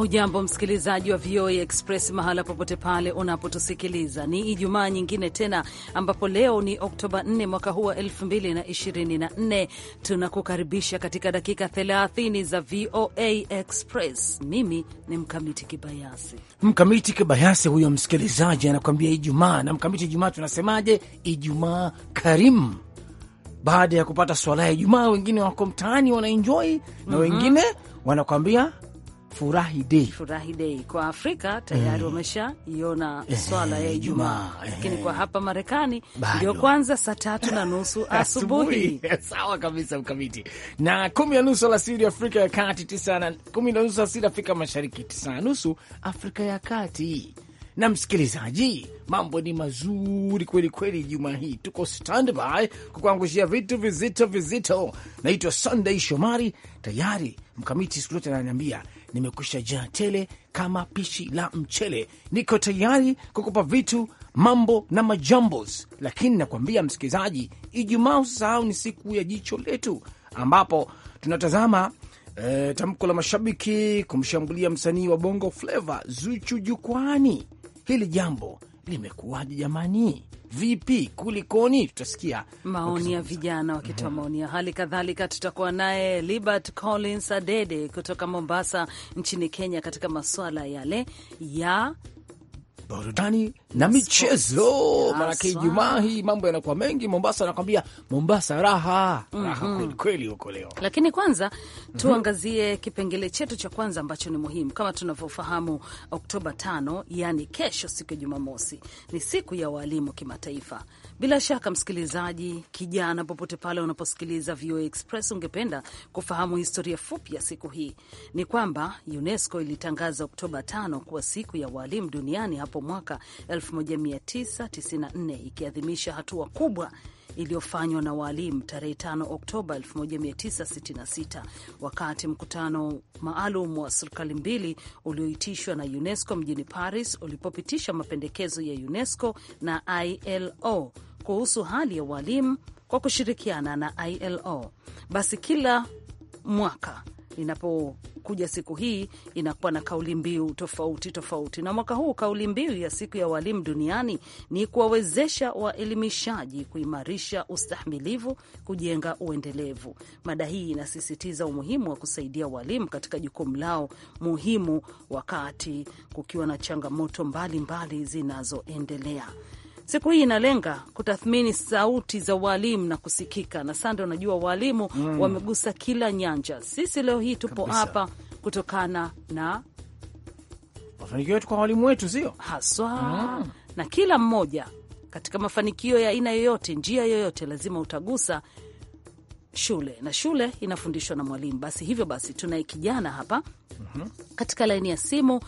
Hujambo msikilizaji wa VOA Express mahala popote pale unapotusikiliza, ni Ijumaa nyingine tena ambapo leo ni Oktoba 4 mwaka huu wa 2024. Tunakukaribisha katika dakika 30 za VOA Express. Mimi ni Mkamiti Kibayasi. Mkamiti Kibayasi huyo msikilizaji anakuambia Ijumaa na Mkamiti, Ijumaa tunasemaje? Ijumaa karimu baada ya kupata swala ya Ijumaa, wengine wako mtaani wanaenjoi na mm -hmm. wengine wanakwambia Furahi Day. Furahi Day kwa Afrika tayari mm. wameshaiona mm. swala ya Ijumaa lakini eh. kwa hapa Marekani ndio kwanza saa tatu na nusu asubuhi sawa kabisa mkamiti, na kumi na nusu alasiri Afrika ya Kati, tisa na kumi na nusu alasiri Afrika Mashariki, tisa na nusu Afrika ya Kati. Na msikilizaji, mambo ni mazuri kweli kweli. Juma hii tuko standby kukuangushia vitu vizito vizito. Naitwa Sunday Shomari, tayari mkamiti siku zote ananiambia nimekwisha jaa tele kama pishi la mchele, niko tayari kukupa vitu mambo na majambos. Lakini nakuambia msikilizaji, Ijumaa usisahau ni siku ya jicho letu, ambapo tunatazama e, tamko la mashabiki kumshambulia msanii wa bongo fleva Zuchu jukwani. Hili jambo limekuwaje jamani? Vipi, kulikoni? Tutasikia maoni ya vijana wakitoa mhm. maoni ya hali kadhalika. Tutakuwa naye Libert Collins Adede kutoka Mombasa nchini Kenya katika masuala yale ya burudani na michezo maanake Ijumaa ah. hii mambo yanakuwa mengi Mombasa. anakwambia Mombasa raha raha mm -hmm. kweli kweli huko leo, lakini kwanza mm-hmm. tuangazie mm -hmm. kipengele chetu cha kwanza ambacho ni muhimu kama tunavyofahamu, Oktoba tano, yaani kesho, siku ya Jumamosi ni siku ya waalimu kimataifa. Bila shaka, msikilizaji kijana, popote pale unaposikiliza VOA Express, ungependa kufahamu historia fupi ya siku hii. Ni kwamba UNESCO ilitangaza Oktoba tano kuwa siku ya waalimu duniani hapo mwaka 1994 ikiadhimisha hatua kubwa iliyofanywa na waalimu tarehe 5 Oktoba 1966 wakati mkutano maalum wa serikali mbili ulioitishwa na UNESCO mjini Paris ulipopitisha mapendekezo ya UNESCO na ILO kuhusu hali ya waalimu kwa kushirikiana na ILO. Basi kila mwaka inapokuja siku hii inakuwa na kauli mbiu tofauti tofauti, na mwaka huu kauli mbiu ya siku ya walimu duniani ni kuwawezesha waelimishaji kuimarisha ustahimilivu, kujenga uendelevu. Mada hii inasisitiza umuhimu wa kusaidia walimu katika jukumu lao muhimu wakati kukiwa na changamoto mbalimbali zinazoendelea siku hii inalenga kutathmini sauti za walimu na kusikika. Na Sande, unajua walimu mm. wamegusa kila nyanja. Sisi leo hii tupo hapa kutokana na mafanikio yetu kwa walimu wetu, sio haswa mm. na kila mmoja katika mafanikio ya aina yoyote, njia yoyote, lazima utagusa shule na shule inafundishwa na mwalimu. Basi hivyo basi, tunaye kijana hapa mm -hmm. katika laini ya simu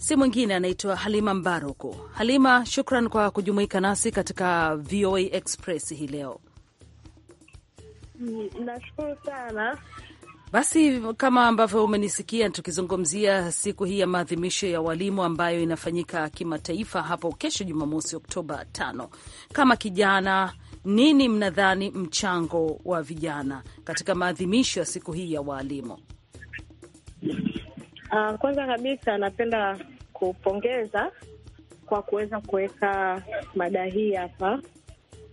si mwingine anaitwa Halima Mbaruku. Halima, shukran kwa kujumuika nasi katika VOA Express hii leo. Mm, nashukuru sana. Basi kama ambavyo umenisikia tukizungumzia siku hii ya maadhimisho ya walimu ambayo inafanyika kimataifa hapo kesho Jumamosi, Oktoba tano, kama kijana, nini mnadhani mchango wa vijana katika maadhimisho ya siku hii ya waalimu? Uh, kwanza kabisa napenda kupongeza kwa kuweza kuweka mada hii hapa,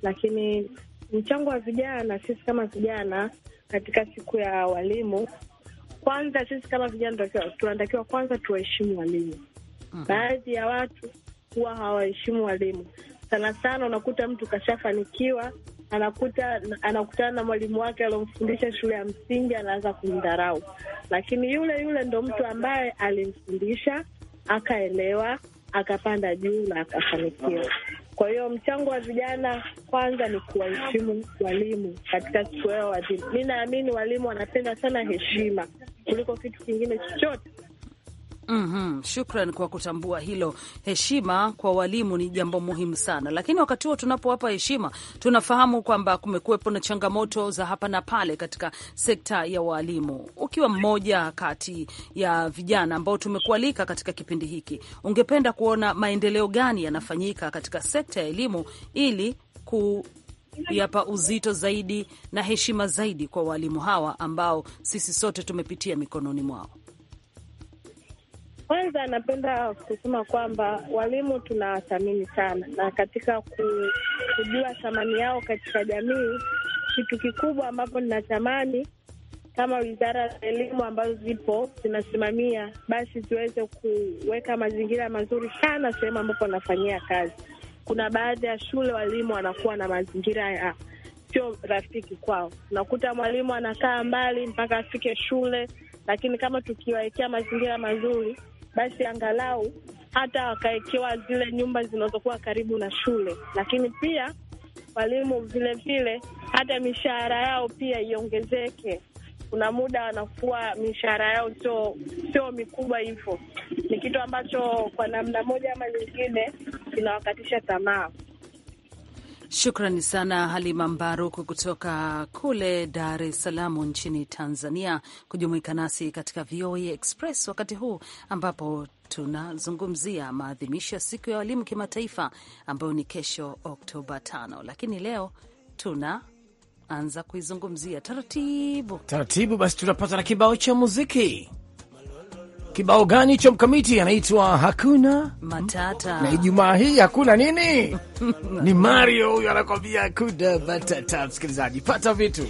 lakini mchango wa vijana, sisi kama vijana katika siku ya walimu, kwanza sisi kama vijana tunatakiwa kwanza tuwaheshimu walimu. Mm-hmm. Baadhi ya watu huwa hawaheshimu walimu sana sana, unakuta mtu kashafanikiwa anakuta anakutana na mwalimu wake aliomfundisha shule ya msingi, anaanza kumdharau, lakini yule yule ndo mtu ambaye alimfundisha akaelewa akapanda juu na akafanikiwa. Kwa hiyo mchango wa vijana kwanza ni kuwaheshimu walimu katika siku kuea. Mi naamini walimu wanapenda sana heshima kuliko kitu kingine chochote. Mm -hmm. Shukran kwa kutambua hilo. Heshima kwa walimu ni jambo muhimu sana, lakini wakati huo tunapowapa heshima, tunafahamu kwamba kumekuwepo na changamoto za hapa na pale katika sekta ya walimu. Ukiwa mmoja kati ya vijana ambao tumekualika katika kipindi hiki, ungependa kuona maendeleo gani yanafanyika katika sekta ya elimu ili ku yapa uzito zaidi na heshima zaidi kwa walimu hawa ambao sisi sote tumepitia mikononi mwao? Kwanza napenda kusema kwamba walimu tunawathamini sana, na katika kujua thamani yao katika jamii, kitu kikubwa ambapo ninatamani kama wizara za elimu ambazo zipo zinasimamia, basi ziweze kuweka mazingira mazuri sana sehemu ambapo wanafanyia kazi. Kuna baadhi ya shule walimu wanakuwa na mazingira ya sio rafiki kwao, unakuta mwalimu anakaa mbali mpaka afike shule, lakini kama tukiwawekea mazingira mazuri basi angalau hata wakawekewa zile nyumba zinazokuwa karibu na shule, lakini pia walimu vilevile, hata mishahara yao pia iongezeke. Kuna muda wanakuwa mishahara yao sio sio mikubwa hivyo, ni kitu ambacho kwa namna moja ama nyingine kinawakatisha tamaa. Shukrani sana Halima Mbaruku kutoka kule Dar es Salaam nchini Tanzania, kujumuika nasi katika VOA Express wakati huu ambapo tunazungumzia maadhimisho ya siku ya walimu kimataifa ambayo ni kesho Oktoba tano lakini leo tunaanza kuizungumzia taratibu taratibu. Basi tunapata na kibao cha muziki. Kibao gani hicho mkamiti? Anaitwa hakuna matata, na ijumaa hii hakuna nini? Ni Mario huyo anakwambia kuda matata. Msikilizaji, pata vitu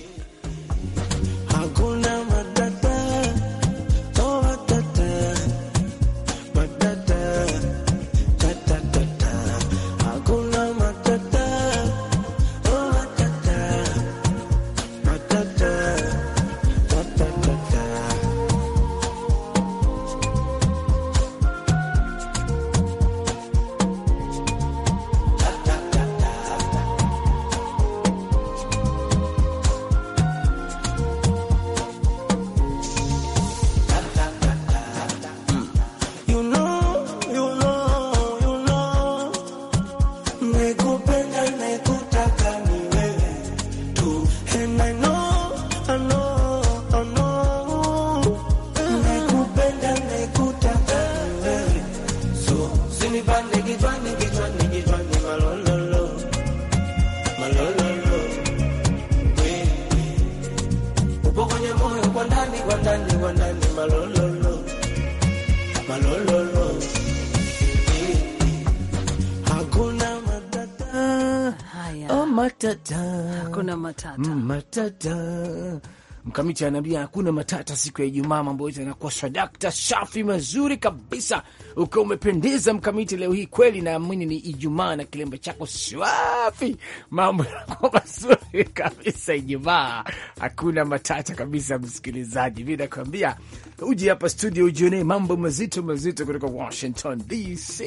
hakuna matata mm, matata mkamiti anaambia hakuna matata siku ya Ijumaa, mambo yote yanakuwa swadakta safi mazuri kabisa, ukiwa umependeza mkamiti leo hii kweli. Naamini ni Ijumaa na kilemba chako swafi, mambo yanakuwa mazuri kabisa. Ijumaa hakuna matata kabisa. Msikilizaji, mi nakuambia uji hapa studio ujionee mambo mazito mazito kutoka Washington DC.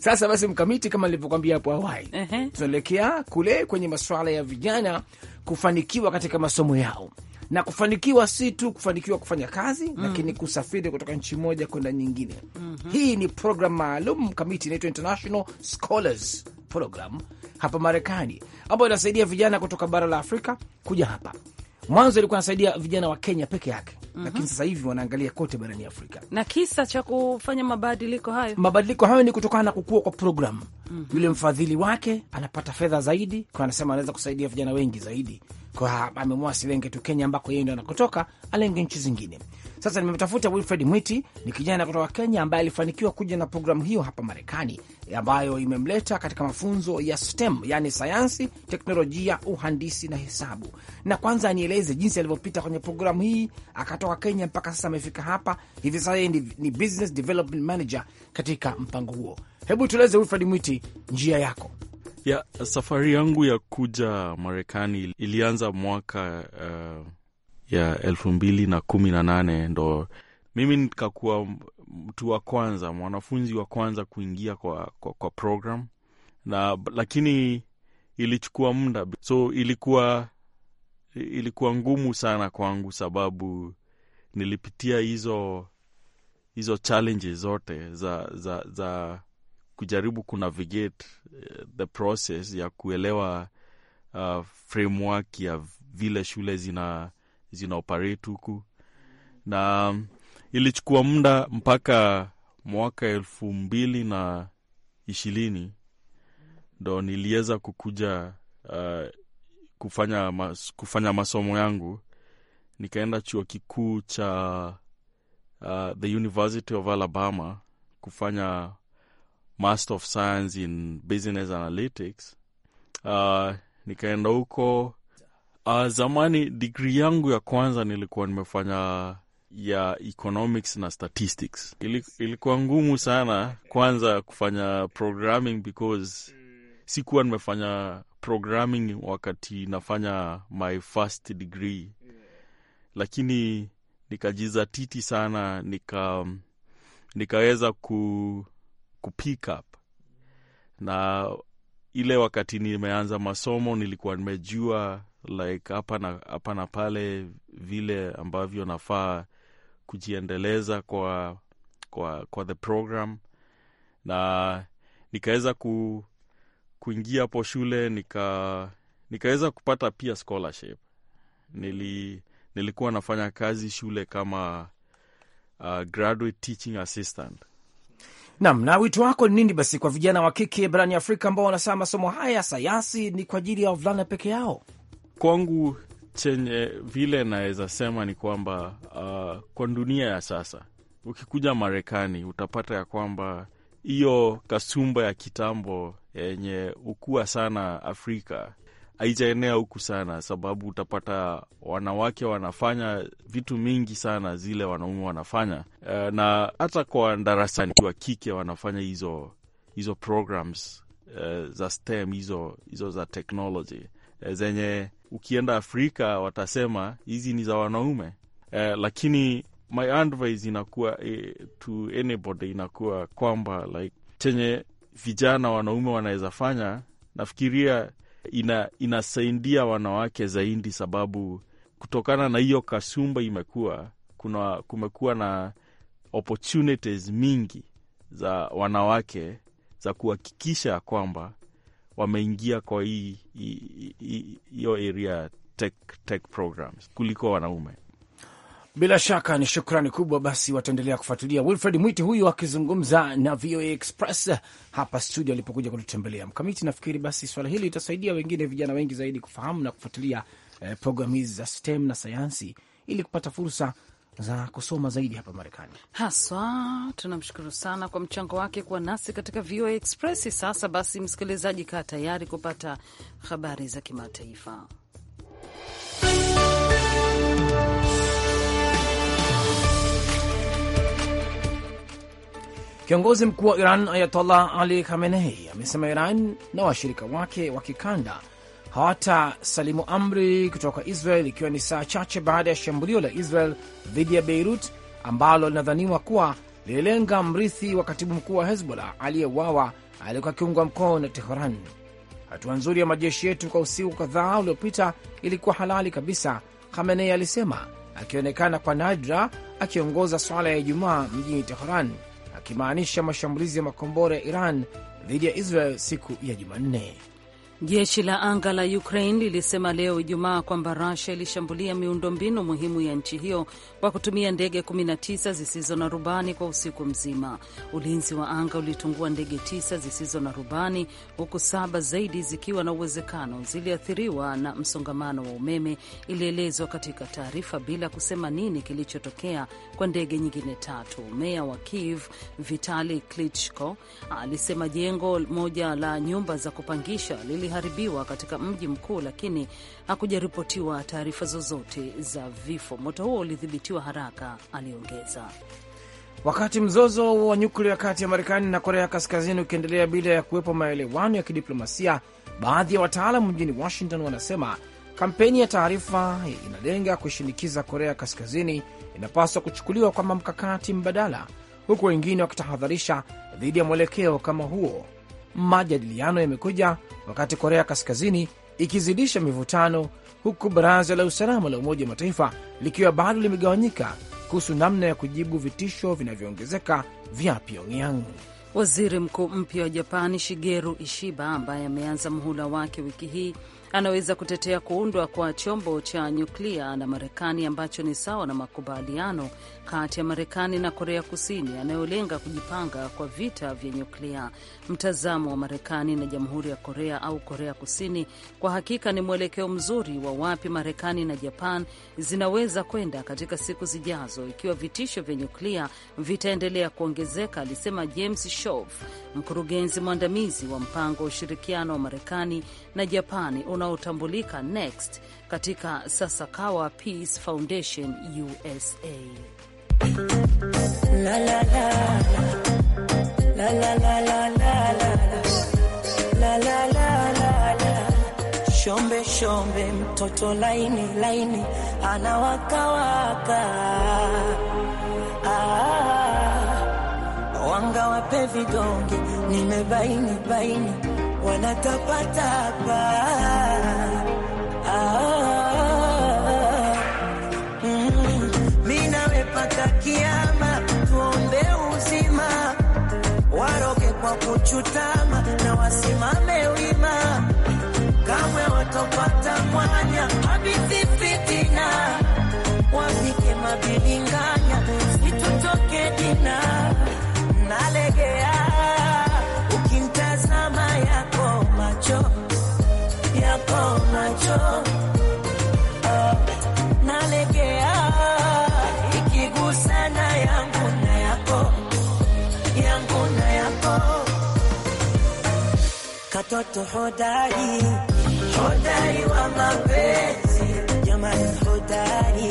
Sasa basi, mkamiti, kama nilivyokwambia hapo awali, tunaelekea kule kwenye masuala ya vijana kufanikiwa katika masomo yao na kufanikiwa si tu kufanikiwa kufanya kazi mm lakini kusafiri kutoka nchi moja kwenda nyingine mm -hmm. Hii ni programu maalum kamiti, inaitwa International Scholars Program hapa Marekani, ambayo inasaidia vijana kutoka bara la Afrika kuja hapa. Mwanzo ilikuwa inasaidia vijana wa Kenya peke yake -hmm. Lakini sasa hivi wanaangalia kote barani Afrika, na kisa cha kufanya mabadiliko hayo, mabadiliko hayo ni kutokana na kukua kwa programu mm -hmm. Yule mfadhili wake anapata fedha zaidi, kwa anasema anaweza kusaidia vijana wengi zaidi, kwa ameamua silenge tu Kenya ambako yeye ndo anakotoka, alenge nchi zingine. Sasa nimemtafuta Wilfred Mwiti, ni kijana kutoka Kenya ambaye alifanikiwa kuja na programu hiyo hapa Marekani, eh, ambayo imemleta katika mafunzo ya STEM, yani sayansi, teknolojia, uhandisi na hesabu. Na kwanza anieleze jinsi alivyopita kwenye programu hii, akatoka Kenya mpaka sasa amefika hapa hivi sasa, yeye ni business development manager katika mpango huo. Hebu tueleze Wilfred Mwiti, njia yako ya safari yangu ya kuja Marekani ilianza mwaka uh ya elfu mbili na kumi na nane ndo mimi nikakuwa mtu wa kwanza, mwanafunzi wa kwanza kuingia kwa, kwa, kwa program na lakini ilichukua muda, so ilikuwa ilikuwa ngumu sana kwangu, sababu nilipitia hizo hizo challenges zote za, za, za kujaribu kunavigate eh, the process ya kuelewa uh, framework ya vile shule zina zina huku, na ilichukua muda mpaka mwaka elfu mbili na ishirini ndo niliweza kukuja uh, kufanya, mas, kufanya masomo yangu nikaenda chuo kikuu cha uh, the University of Alabama kufanya Master of Science in Business Analytics. Uh, nikaenda huko Uh, zamani digri yangu ya kwanza nilikuwa nimefanya ya economics na statistics. Ilikuwa ngumu sana kwanza kufanya programming because sikuwa nimefanya programming wakati nafanya my first degree, lakini nikajizatiti sana nika nikaweza ku, ku pick up na ile wakati nimeanza masomo nilikuwa nimejua like hapa na, hapa na pale vile ambavyo nafaa kujiendeleza kwa, kwa, kwa the program na nikaweza ku, kuingia hapo shule nika, nikaweza kupata pia scholarship. Nili, nilikuwa nafanya kazi shule kama uh, graduate teaching assistant. nam na wito wako ni nini basi kwa vijana wa kike barani Afrika ambao wanasema masomo haya ya sayansi ni kwa ajili ya wavulana peke yao? kwangu chenye vile naweza sema ni kwamba uh, kwa dunia ya sasa ukikuja Marekani utapata ya kwamba hiyo kasumba ya kitambo yenye ukua sana Afrika haijaenea huku sana, sababu utapata wanawake wanafanya vitu mingi sana zile wanaume wanafanya, uh, na hata kwa darasani wa kike wanafanya hizo hizo programs uh, za STEM hizo hizo za technology uh, zenye ukienda Afrika watasema hizi ni za wanaume uh, lakini my advice inakuwa eh, to anybody inakuwa kwamba like chenye vijana wanaume wanaweza fanya, nafikiria ina, inasaidia wanawake zaidi, sababu kutokana na hiyo kasumba imekuwa kuna kumekuwa na opportunities mingi za wanawake za kuhakikisha kwamba wameingia kwa hiyo area ya tech, tech programs kuliko wanaume. Bila shaka ni shukrani kubwa, basi wataendelea kufuatilia. Wilfred Mwiti huyu akizungumza na VOA Express hapa studio alipokuja kututembelea. Mkamiti, nafikiri basi swala hili litasaidia wengine, vijana wengi zaidi kufahamu na kufuatilia eh, programu hizi za STEM na sayansi ili kupata fursa za kusoma zaidi hapa Marekani haswa. Tunamshukuru sana kwa mchango wake kuwa nasi katika VOA Express. Sasa basi, msikilizaji, kaa tayari kupata habari za kimataifa. Kiongozi mkuu wa Iran Ayatollah Ali Khamenei amesema Iran na washirika wake wa kikanda hawata salimu amri kutoka Israel, ikiwa ni saa chache baada ya shambulio la Israel dhidi ya Beirut ambalo linadhaniwa kuwa lililenga mrithi wa katibu mkuu wa Hezbollah aliyeuawa aliyekuwa akiungwa mkono na Teheran. Hatua nzuri ya majeshi yetu kwa usiku kadhaa uliopita ilikuwa halali kabisa, Khamenei alisema, akionekana kwa nadra akiongoza swala ya Ijumaa mjini Teheran, akimaanisha mashambulizi ya makombora ya Iran dhidi ya Israel siku ya Jumanne. Jeshi la anga la Ukraine lilisema leo Ijumaa kwamba Russia ilishambulia miundombinu muhimu ya nchi hiyo kwa kutumia ndege 19 zisizo na rubani kwa usiku mzima. Ulinzi wa anga ulitungua ndege tisa zisizo na rubani, huku saba zaidi zikiwa na uwezekano ziliathiriwa na msongamano wa umeme, ilielezwa katika taarifa, bila kusema nini kilichotokea kwa ndege nyingine tatu. Meya wa Kiev Vitali Klitschko alisema jengo moja la nyumba za kupangisha lili uliharibiwa katika mji mkuu, lakini hakujaripotiwa taarifa zozote za vifo. Moto huo ulidhibitiwa haraka, aliongeza. Wakati mzozo wa nyuklia kati ya Marekani na Korea Kaskazini ukiendelea bila ya kuwepo maelewano ya kidiplomasia, baadhi ya wataalamu mjini Washington wanasema kampeni ya taarifa inalenga kushinikiza Korea Kaskazini inapaswa kuchukuliwa kama mkakati mbadala, huku wengine wakitahadharisha dhidi ya mwelekeo kama huo Majadiliano yamekuja wakati Korea Kaskazini ikizidisha mivutano, huku baraza la usalama la Umoja wa Mataifa likiwa bado limegawanyika kuhusu namna ya kujibu vitisho vinavyoongezeka vya Pyongyang. Waziri mkuu mpya wa Japani Shigeru Ishiba ambaye ameanza muhula wake wiki hii anaweza kutetea kuundwa kwa chombo cha nyuklia na Marekani ambacho ni sawa na makubaliano kati ya Marekani na Korea Kusini yanayolenga kujipanga kwa vita vya nyuklia. Mtazamo wa Marekani na Jamhuri ya Korea au Korea Kusini kwa hakika ni mwelekeo mzuri wa wapi Marekani na Japan zinaweza kwenda katika siku zijazo ikiwa vitisho vya nyuklia vitaendelea kuongezeka, alisema James Shof, mkurugenzi mwandamizi wa mpango wa ushirikiano wa Marekani na Japani unaotambulika NEXT katika Sasakawa Peace Foundation USA. La, la, la, la, Shombe shombe mtoto laini laini anawakawaka ah. wanga wape vidonge nimebaini baini wanatapatapa kutama na wasimame wima, kamwe watopata mwanya mabisi fitina, wapike mabilinganya, situtoke dina nalegea, ukintazama yako macho yako macho mtoto hodari, hodari wa mapenzi, jamani, hodari,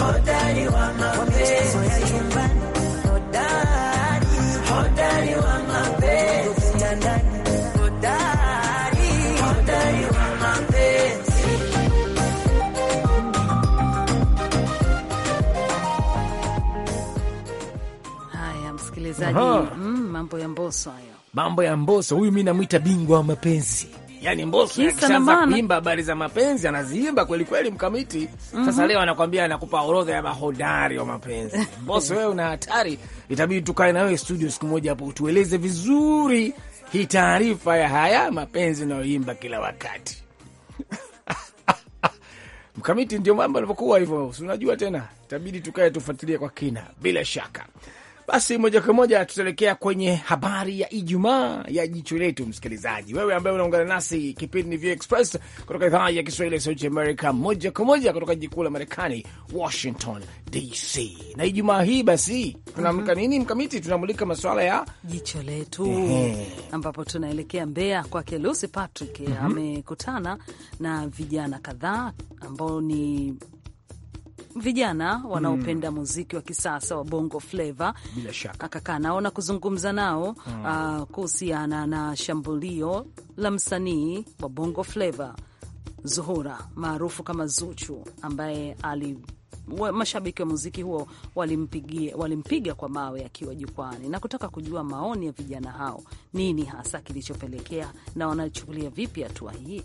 hodari wa mapenzi Mambo ya mboso hayo, mambo ya mboso. Huyu mi namwita bingwa wa mapenzi. Yani mboso akishaanza kuimba habari za mapenzi anaziimba kweli kweli, mkamiti. Mhm. Sasa mm -hmm. Leo anakwambia anakupa orodha ya mahodari wa mapenzi Mboso wewe una hatari, itabidi tukae na wewe studio siku moja hapo utueleze vizuri hii taarifa ya haya mapenzi unayoimba kila wakati mkamiti. Ndio mambo alivyokuwa hivyo, si unajua tena, itabidi tukae tufuatilie kwa kina, bila shaka. Basi moja kwa moja tutaelekea kwenye habari ya Ijumaa ya jicho letu. Msikilizaji wewe ambaye unaungana nasi, kipindi ni View Express kutoka idhaa ya Kiswahili ya Sauti Amerika, moja kwa moja kutoka jiji kuu la Marekani, Washington DC. Na Ijumaa hii basi tunamlika mhm. nini, Mkamiti? Tunamulika maswala ya jicho letu ambapo tunaelekea Mbeya kwake Lucy Patrick mhm. amekutana na vijana kadhaa ambao ni vijana wanaopenda mm. muziki wa kisasa wa bongo flava, bila shaka akakaa nao na kuzungumza nao mm. uh, kuhusiana na shambulio la msanii wa bongo flava Zuhura maarufu kama Zuchu ambaye ali mashabiki wa muziki huo walimpigia walimpiga kwa mawe akiwa jukwani, na kutaka kujua maoni ya vijana hao, nini hasa kilichopelekea na wanachukulia vipi hatua hii.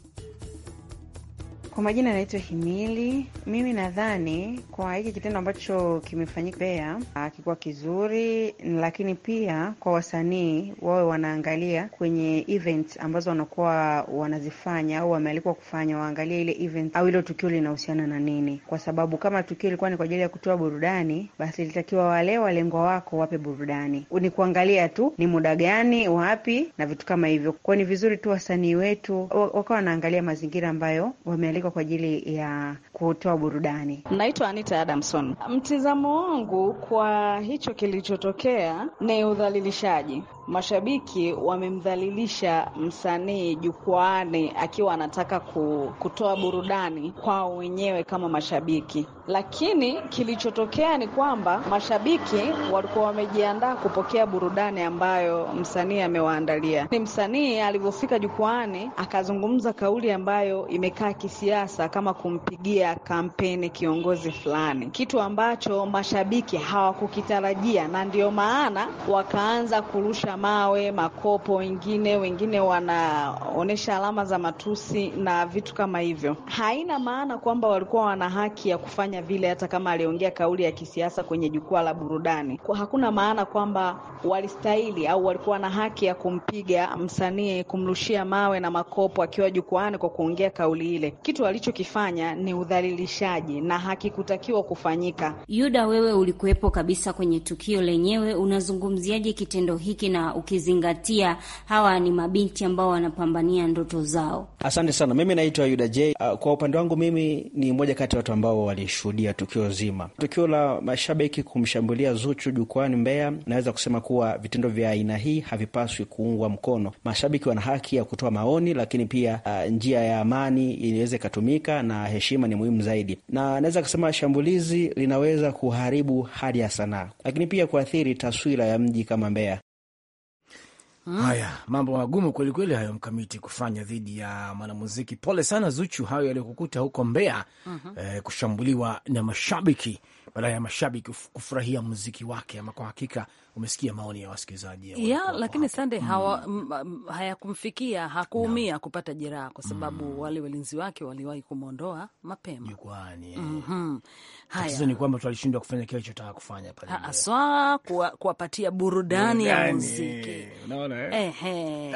Kwa majina anaitwa Himili. Mimi nadhani kwa hiki kitendo ambacho kimefanyika Mbeya ah, kikuwa kizuri, lakini pia kwa wasanii wawe wanaangalia kwenye event ambazo wanakuwa wanazifanya au wamealikwa kufanya, waangalie ile event au ilo tukio linahusiana na nini, kwa sababu kama tukio ilikuwa ni kwa ajili ya kutoa burudani, basi ilitakiwa wale walengwa wako wape burudani. Ni kuangalia tu ni muda gani, wapi na vitu kama hivyo. Kwao ni vizuri tu wasanii wetu wakawa wanaangalia mazingira ambayo wamealikwa kutumika kwa ajili ya kutoa burudani. Naitwa Anita Adamson. Mtizamo wangu kwa hicho kilichotokea ni udhalilishaji, mashabiki wamemdhalilisha msanii jukwaani akiwa anataka kutoa burudani kwao wenyewe kama mashabiki, lakini kilichotokea ni kwamba mashabiki walikuwa wamejiandaa kupokea burudani ambayo msanii amewaandalia. Ni msanii alivyofika jukwaani akazungumza kauli ambayo imekaa kisiasa kama kumpigia kampeni kiongozi fulani, kitu ambacho mashabiki hawakukitarajia, na ndiyo maana wakaanza kurusha mawe, makopo, wengine wengine wanaonyesha alama za matusi na vitu kama hivyo. Haina maana kwamba walikuwa wana haki ya kufanya vile, hata kama aliongea kauli ya kisiasa kwenye jukwaa la burudani. Kwa hakuna maana kwamba walistahili au walikuwa na haki ya kumpiga msanii, kumrushia mawe na makopo akiwa jukwaani kwa kuongea kauli ile. Kitu alichokifanya ni udhalilishaji na hakikutakiwa kufanyika. Yuda, wewe ulikuwepo kabisa kwenye tukio lenyewe, unazungumziaje kitendo hiki na ukizingatia hawa ni mabinti ambao wanapambania ndoto zao. Asante sana. Mimi naitwa Yuda J. Uh, kwa upande wangu mimi ni mmoja kati ya watu ambao walishuhudia tukio zima, tukio la mashabiki kumshambulia Zuchu jukwani Mbeya. Naweza kusema kuwa vitendo vya aina hii havipaswi kuungwa mkono. Mashabiki wana haki ya kutoa maoni, lakini pia uh, njia ya amani inaweza ikatumika na heshima ni muhimu zaidi, na naweza kusema shambulizi linaweza kuharibu hali ya sanaa, lakini pia kuathiri taswira ya mji kama Mbeya. Mm. Haya, mambo magumu kwelikweli hayo mkamiti kufanya dhidi ya mwanamuziki. Pole sana Zuchu, hayo yaliyokukuta huko Mbeya. mm -hmm. Eh, kushambuliwa na mashabiki badala ya mashabiki kufurahia muziki wake. Ama kwa hakika umesikia maoni ya wasikilizaji ya, lakini sande mm. hayakumfikia hakuumia no. kupata jeraha kwa sababu mm. wale walinzi wake waliwahi kumwondoa mapema jukwani. mm -hmm. Tatizo ni kwamba tulishindwa kufanya kile alichotaka kufanya pale, aswa kuwapatia burudani, burudani ya muziki unaona 哎嘿。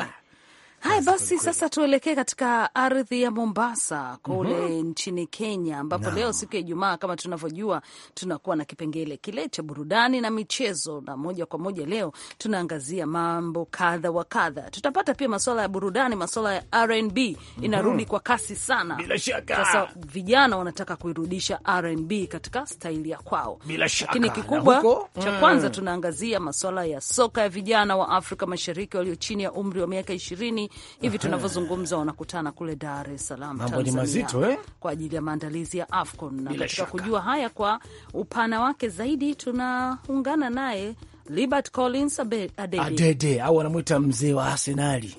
Haya basi, sasa tuelekee katika ardhi ya Mombasa kule mm -hmm. nchini Kenya, ambapo no. leo siku ya Ijumaa kama tunavyojua, tunakuwa na kipengele kile cha burudani na michezo, na moja kwa moja leo tunaangazia mambo kadha wa kadha. Tutapata pia masuala ya burudani, masuala ya RnB mm-hmm. inarudi mm -hmm. kwa kasi sana. Bila shaka, sasa vijana wanataka kuirudisha RnB katika staili ya kwao, lakini kikubwa cha mm. kwanza tunaangazia masuala ya soka ya vijana wa Afrika Mashariki walio chini ya umri wa miaka ishirini hivi tunavyozungumza wanakutana kule Dar es Salaam, Tanzania, mazito, eh? kwa ajili ya maandalizi ya AFCON. Na katika kujua haya kwa upana wake zaidi tunaungana naye Libert Collins Adede, au anamwita mzee wa Arsenali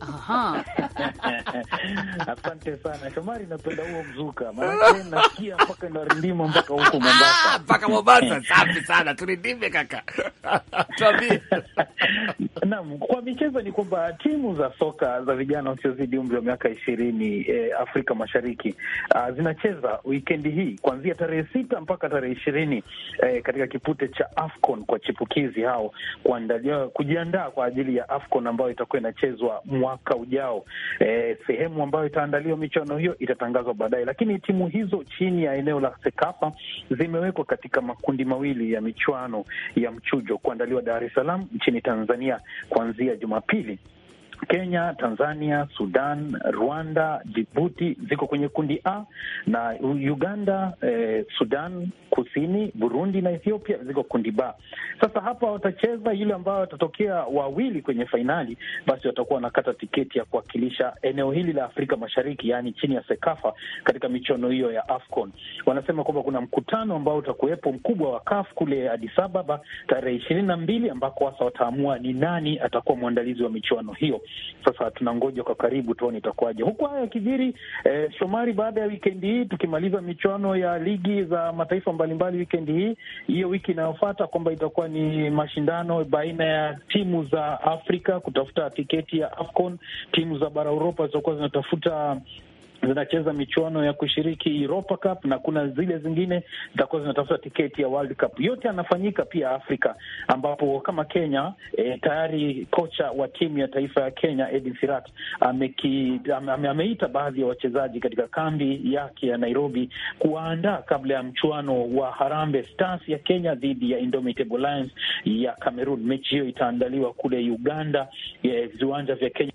Aha. Asante sana Shomari, napenda huo mzuka, nasikia mpaka narindima mpaka huko ah, Mombasa, mpaka Mombasa. Safi sana, turindime kaka. Naam, kwa michezo ni kwamba timu za soka za vijana wasiozidi umri wa miaka ishirini eh, Afrika Mashariki uh, zinacheza wikendi hii kuanzia tarehe sita mpaka tarehe ishirini eh, katika kipute cha AFCON kwa chipukizi hao kujiandaa kwa ajili ya AFCON ambayo itakuwa inachezwa mwaka ujao. E, sehemu ambayo itaandaliwa michuano hiyo itatangazwa baadaye, lakini timu hizo chini ya eneo la sekafa zimewekwa katika makundi mawili ya michuano ya mchujo kuandaliwa Dar es Salaam nchini Tanzania kuanzia Jumapili Kenya, Tanzania, Sudan, Rwanda, Jibuti ziko kwenye kundi A na Uganda, eh, Sudan Kusini, Burundi na Ethiopia ziko kundi B. Sasa hapa watacheza yule ambayo watatokea wawili kwenye fainali, basi watakuwa wanakata tiketi ya kuwakilisha eneo hili la Afrika Mashariki, yaani chini ya SEKAFA katika michuano hiyo ya AFCON. Wanasema kwamba kuna mkutano ambao utakuwepo mkubwa wa KAF kule Addis Ababa tarehe ishirini na mbili ambako hasa wataamua ni nani atakuwa mwandalizi wa michuano hiyo. Sasa tunangoja kwa karibu tuone itakuwaje. Huku haya yakijiri, eh, Shomari, baada ya wikendi hii tukimaliza michuano ya ligi za mataifa mbalimbali wikendi hii, hiyo wiki inayofuata kwamba itakuwa ni mashindano baina ya timu za Afrika kutafuta tiketi ya AFCON. Timu za bara Uropa zitakuwa zinatafuta zinacheza michuano ya kushiriki Europa Cup na kuna zile zingine zitakuwa zinatafuta tiketi ya World Cup. Yote yanafanyika pia Afrika, ambapo kama Kenya e, tayari kocha wa timu ya taifa ya Kenya Edin Firat ameita ame, ame, baadhi ya wachezaji katika kambi yake ya Nairobi kuwaandaa kabla ya mchuano wa Harambee Stars ya Kenya dhidi ya Indomitable Lions ya Cameroon. Mechi hiyo itaandaliwa kule Uganda, e, viwanja vya Kenya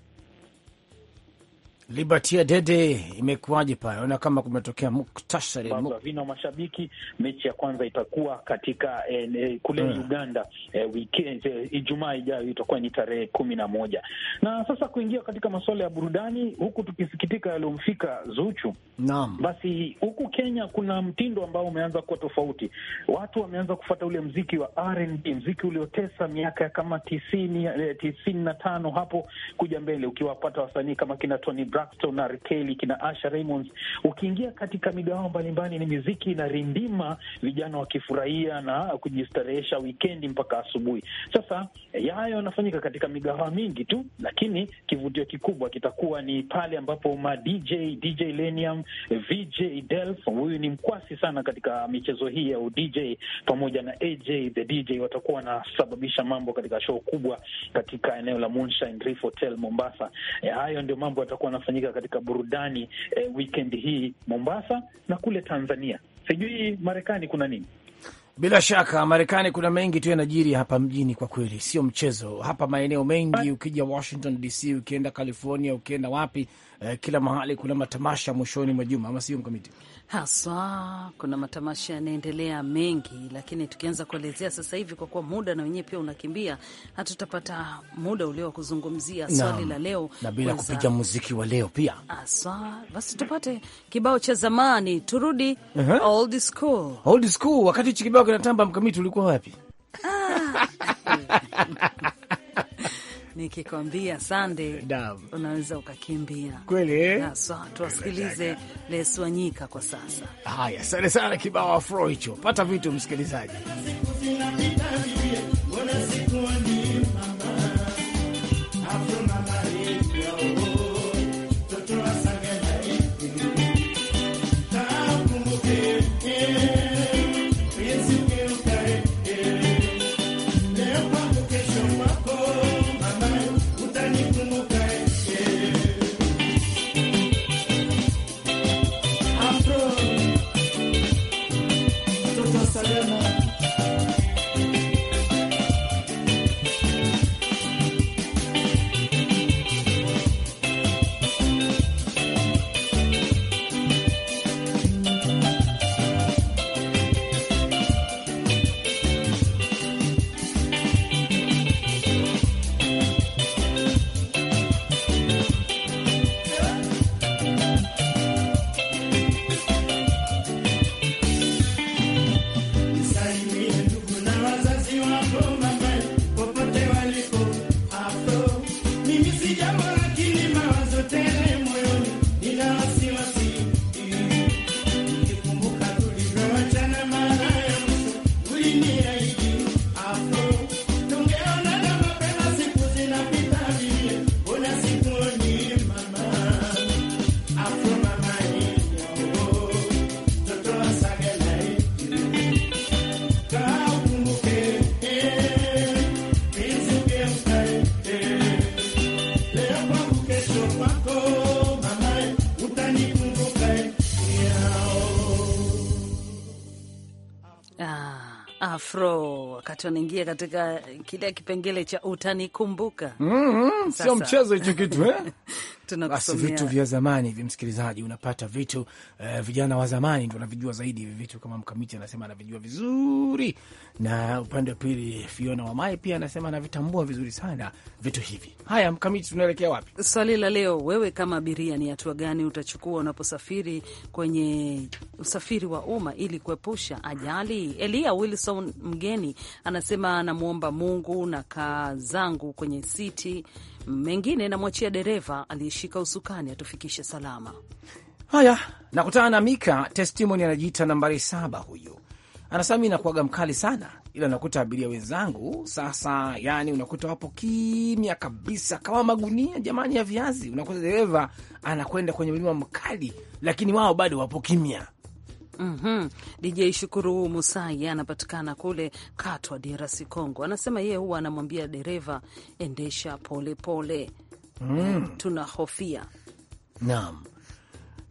Libertia Dede, imekuwaje pale? Naona kama kumetokea muktasari havina mashabiki. Mechi ya kwanza itakuwa katika eh, kule yeah, mm. Uganda eh, weekend eh, Ijumaa ijayo itakuwa ni tarehe kumi na moja. Na sasa kuingia katika masuala ya burudani, huku tukisikitika yaliyomfika Zuchu. Naam, basi huku Kenya kuna mtindo ambao umeanza kuwa tofauti, watu wameanza kufata ule mziki wa R&B, mziki uliotesa miaka ya kama tisini eh, tisini na tano hapo kuja mbele, ukiwapata wasanii kama kina Tony Braxton na Rekeli, kina Asha Raymond. Ukiingia katika migawao mbalimbali, ni miziki na rindima, vijana wakifurahia na kujistarehesha wikendi mpaka asubuhi. Sasa ya eh, hayo yanafanyika katika migahawa mingi tu, lakini kivutio kikubwa kitakuwa ni pale ambapo ma DJ, DJ Lenium, VJ Delf, huyu ni mkwasi sana katika michezo hii ya DJ pamoja na AJ the DJ watakuwa wanasababisha mambo katika show kubwa katika eneo la Moonshine Reef Hotel Mombasa. Eh, hayo ndio mambo yatakuwa na yanafanyika katika burudani eh, weekend hii Mombasa na kule Tanzania. Sijui Marekani kuna nini? Bila shaka Marekani kuna mengi tu yanajiri hapa mjini, kwa kweli sio mchezo. Hapa maeneo mengi, ukija Washington DC, ukienda California, ukienda wapi, eh, kila mahali kuna matamasha mwishoni mwa juma, ama sio Mkamiti? Haswa kuna matamasha yanaendelea mengi, lakini tukianza kuelezea sasa hivi, kwa kuwa muda na wenyewe pia unakimbia, hatutapata muda ule wa kuzungumzia swali la leo na bila weza... kupiga muziki wa leo pia haswa. Basi tupate kibao cha zamani, turudi uh -huh. old school. Old school. Wakati hichi kibao kinatamba, Mkamiti ulikuwa wapi? ah. nikikwambia sande, unaweza ukakimbia kweli. tuwasikilize Leswanyika kwa sasa. Haya, sante sana, kibao afro hicho. Pata vitu msikilizaji tunaingia katika kile kipengele cha utanikumbuka. mm -hmm. Sio mchezo hicho kitu eh? basi vitu vya zamani hivi, msikilizaji, unapata vitu uh, vijana wa zamani ndio wanavijua zaidi hivi vitu, kama mkamiti anasema anavijua vizuri, na upande wa pili Fiona Wamai pia anasema anavitambua vizuri sana vitu hivi. Haya, Mkamiti, tunaelekea wapi? Swali la leo, wewe kama abiria, ni hatua gani utachukua unaposafiri kwenye usafiri wa umma ili kuepusha ajali? Elia Wilson mgeni anasema anamwomba Mungu na kaa zangu kwenye siti mengine namwachia dereva aliyeshika usukani atufikishe salama. Haya, nakutana na Mika Testimoni, anajiita nambari saba. Huyu anasema mi nakuaga mkali sana, ila nakuta abiria wenzangu sasa, yani unakuta wapo kimya kabisa kama magunia jamani ya viazi. Unakuta dereva anakwenda kwenye mlima mkali, lakini wao bado wapo kimya. Mm -hmm. DJ Shukuru Musai anapatikana kule Katwa, DRC Congo, anasema yeye huwa anamwambia dereva endesha polepole pole. Mm. Eh, tunahofia. Naam.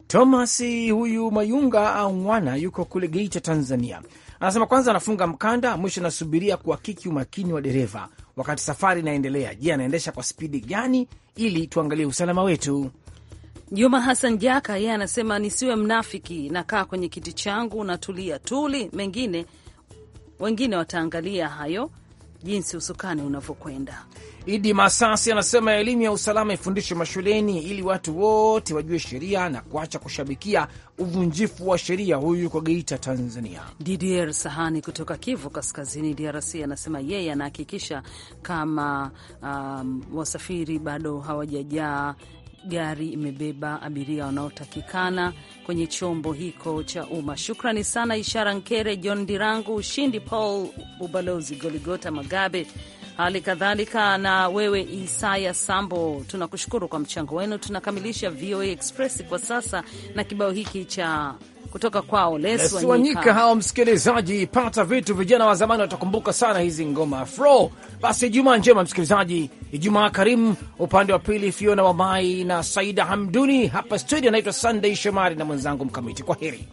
Thomas huyu Mayunga au mwana yuko kule Geita, Tanzania, anasema kwanza anafunga mkanda, mwisho anasubiria kuhakiki umakini wa dereva wakati safari inaendelea. Je, anaendesha kwa spidi gani, ili tuangalie usalama wetu. Juma Hassan Jaka yeye anasema nisiwe mnafiki, nakaa kwenye kiti changu natulia tuli, mengine wengine wataangalia hayo jinsi usukani unavyokwenda. Idi Masasi anasema elimu ya usalama ifundishwe mashuleni ili watu wote wajue sheria na kuacha kushabikia uvunjifu wa sheria. Huyu kwa Geita, Tanzania. Didier Sahani kutoka Kivu Kaskazini, DRC, anasema yeye anahakikisha kama um, wasafiri bado hawajajaa gari imebeba abiria wanaotakikana kwenye chombo hiko cha umma. Shukrani sana Ishara Nkere, John Dirangu, Ushindi Paul, Ubalozi Goligota Magabe, hali kadhalika na wewe Isaya Sambo, tunakushukuru kwa mchango wenu. Tunakamilisha VOA Express kwa sasa na kibao hiki cha kutoka kwao Les Wanyika. Hao msikilizaji, pata vitu, vijana wa zamani watakumbuka sana hizi ngoma fro. Basi Ijumaa njema msikilizaji, Ijumaa karimu. Upande wa pili Fiona Wamai na Saida Hamduni, hapa studio anaitwa Sunday Shomari na mwenzangu Mkamiti. Kwa heri.